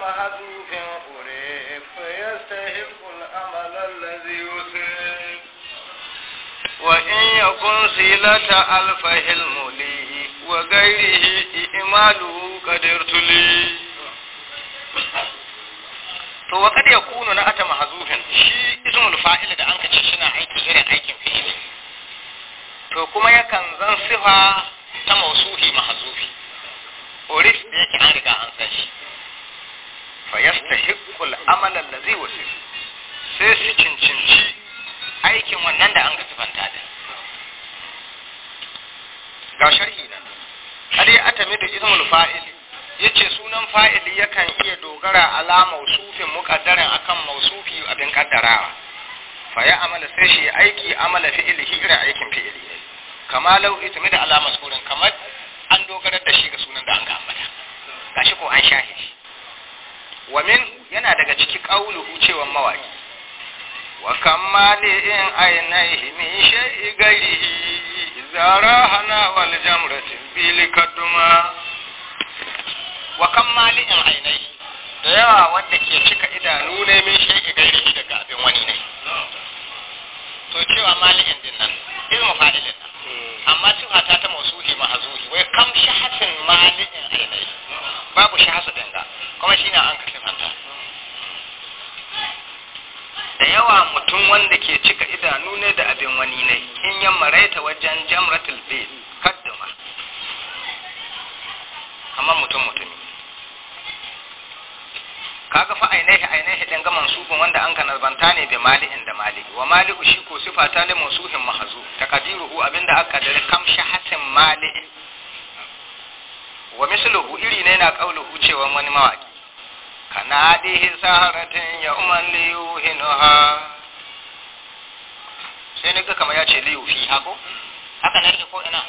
مهدوف قريب فيستحق الأمل الذي يصيب وإن يكن صلة ألف حلم لي وغيره إماله قدرت لي to wa kad yakunu na ata mahzufin shi ismul fa'il da anka ce shina aiki irin aikin fi'ili to kuma yakan zan sifa ta mausuhi mahzufi orif da yake an riga an san yastahiqqul amal allazi wasu sai su cincinci aikin wannan da an ga sifanta da ga sharhi nan hadi atamidu ismul fa'il yace sunan fa'ili yakan iya dogara ala mausufin muqaddarin akan mausufi abin kaddarawa fa ya amala sai shi aiki amala fi'ili hira aikin fi'ili kama lau da alamar maskurin kamar ainihi كمال إن عينيه من شيء غيره زارهنا والجمرة بالكدما وكمال إن ainihi da yawa wanda ke cika idanu ne min shi gairi daga abin wani ne to cewa malikin din nan ilmu fa'ilin amma sifa ta ta mausuhi mahzuri wai kam shahatin malikin ainihi? babu shahasu dinga kuma shine an mutum wanda ke cika idanu ne da abin wani ne in yan maraita wajen jamratul bayt kaddama amma mutum mutumi kaga fa ainihi ainihi dan gaman mansubun wanda an banta ne da mali'in da mali'i wa mali'u shi ko sifata ne musuhin mahzu takadiruhu abinda aka dare kam shahatin mali'in wa misluhu iri ne na qauluhu cewa wani mawaki kana dihi saharatin ya umman liyuhinuha sai na ga kamar ya ce liyu fi hako haka na rike ko ina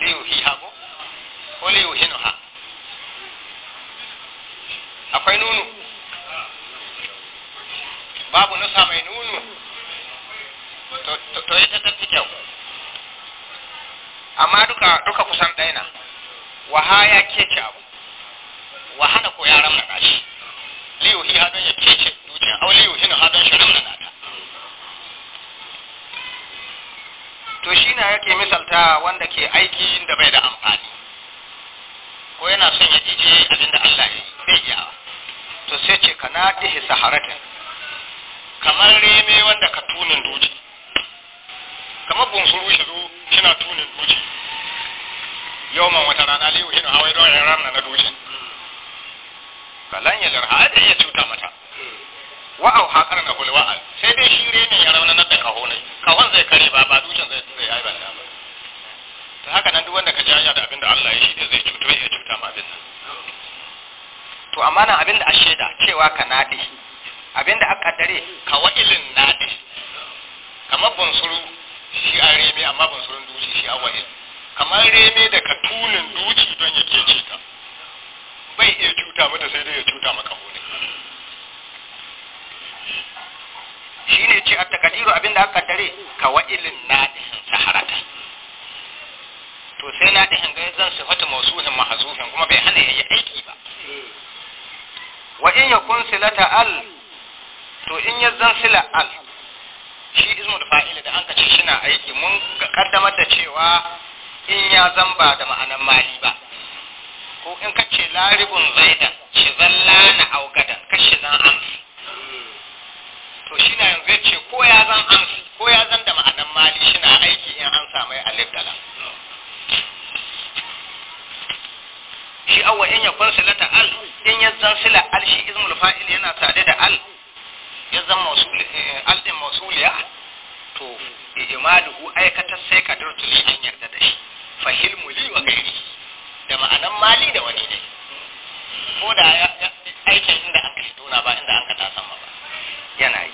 liyu fi hako ko liyu hinu ha akwai nunu babu nusa mai nunu to ita ta tafi kyau amma duka kusan daina na wahaya ke ci abu wahana ko yaran na ƙashi liyu hi ake misalta wanda ke aiki da bai da amfani ko yana son ya ije abin da Allah ya bai iya to sai ce ka na tihi saharatin kamar reme wanda ka tunin doji kamar bunsuru shi zo kina tunin doji yawman wata rana liyu shi hawai don yin na doji kalan ya zarha da ya cuta mata wa'au haƙar na hulwa'al sai dai shi reme ya na da kahonai ka zai kare ba ba dushen zai zai aibar to haka nan duk wanda ka jaya da abin da Allah ya shi zai cuto ya cuta ma abin nan to amma nan abin da a shaida cewa ka nadi abin da aka dare ka wa'ilin nadi kamar bunsuru shi a reme amma bunsurun duci shi a wa'il kamar reme da ka tulin duci don ya ke cuta bai iya cuta mata sai dai ya cuta maka hune shi ne ce a takadiru abin da aka dare ka wa'ilin nadi sai na ɗin ga zan sifatu mausuhin mahazufin kuma bai hana yayi aiki ba wa in yakun silata al to in ya zan sila al shi izmu da fa'ila da an ka ce shi na aiki mun kaddamar da cewa in ya zan ba da ma'anar mali ba ko in ka ce laribun zaidan shi zalla na augadan kashi zan amsi to shi na yanzu ya ce ko ya zan amsi ko ya zan da ma'anar mali shi na aiki in an samu alif dalam aw in ya silata al in yazan sila al shi Izmul fa'il yana tare da al yazan mausul eh, al din mausuliya to ijmaluhu aikatar sai kadartu shi an yarda da shi fa hilmu wa da ma'anan mali da wani ne ko da aikin inda an kashi tona ba inda an ka tasan ba yana yi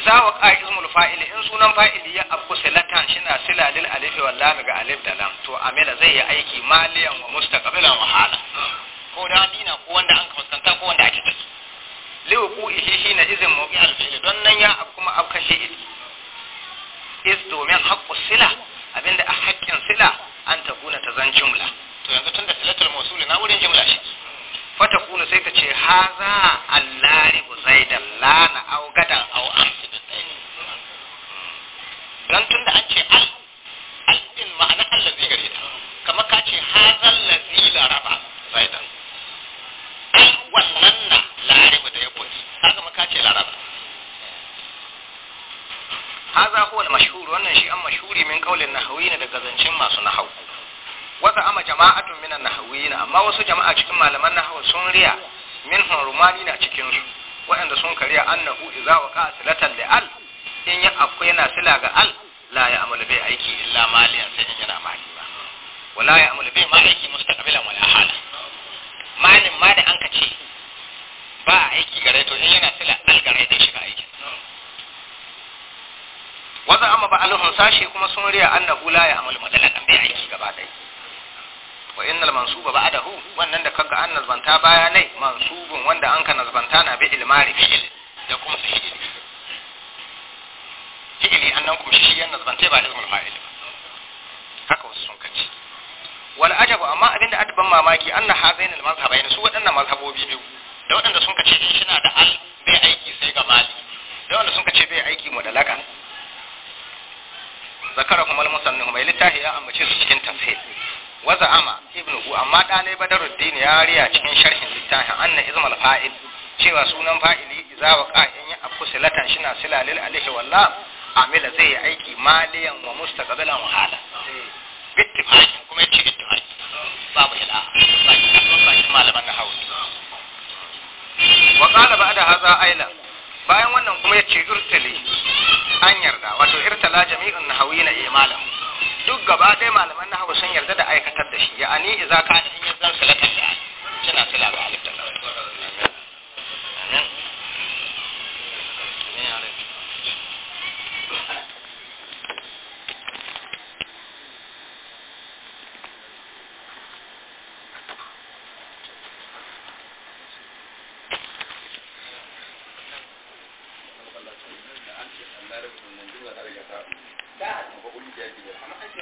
idza waqa fa'ili ya abu silatan shina sila lil alif wal ga alif da lam to Amina zai yi aiki maliyan wa mustaqbilan wa hala ko da dina ko wanda an fuskanta ko wanda ake tafi liwa ku ishe shi na izin mawqi al don nan ya abu kuma abu kashe iz Is domin haƙƙu sila abinda a haƙƙin sila an ta kuna ta zan jumla to yanzu tun tunda silatul mawsul na wurin jimla shi fata kuna sai ta ce haza allari zaidan lana au gadan huwa al-mashhur wannan shi an mashhuri min qaulin nahawiyyin daga zancen masu nahwu wata ama jama'atun min an-nahawiyyin amma wasu jama'a cikin malaman nahwu sun riya min hurmani na cikin su waɗanda sun kariya annahu idza waqa silatan li al in ya akwai yana sila ga al la ya amalu bai aiki illa maliyan sai in yana mali ba wala ya amalu bai ma aiki mustaqbilan wala hala malin ma da an kace ba aiki gare to in yana sila al gare dai shiga aiki waza amma ba anuhun sashi kuma sun riya annahu la ya'mal madalan an bai aiki gaba dai wa innal mansuba ba'dahu wannan da kaga annas banta baya ne mansubun wanda an ka nazbanta na bi ilmari fi fi'il da kuma fi'il fi'ili annan kuma shi yan nazbanta ba ilmul fa'il haka wasu sun kace wal ajabu amma abinda adban mamaki annahu hazain al mazhabain su wadannan mazhabobi biyu da wadanda sun kace shi na da al ذكرهم المصنف ما لله يا أم تشي سكين تفصيل وزعم ابن أمة أن بدر الدين يا ريا تشين شرح لله أن إزم الفائل شيء وسون فائل إذا وقع إن أبو سلة شنا سلة لل عليه والله عمل زي أيك مالي ومستقبلا وحالا بيتفاق كم يشي بيتفاق باب الله باب الله مال من حول وقال بعد هذا أيضا bayan wannan kuma ya ce irtali an yarda wato irtala jami'un nahawi na eh, malam duk gaba ɗaya malaman nahawu sun yarda da aikatar da shi ya'ani idza kana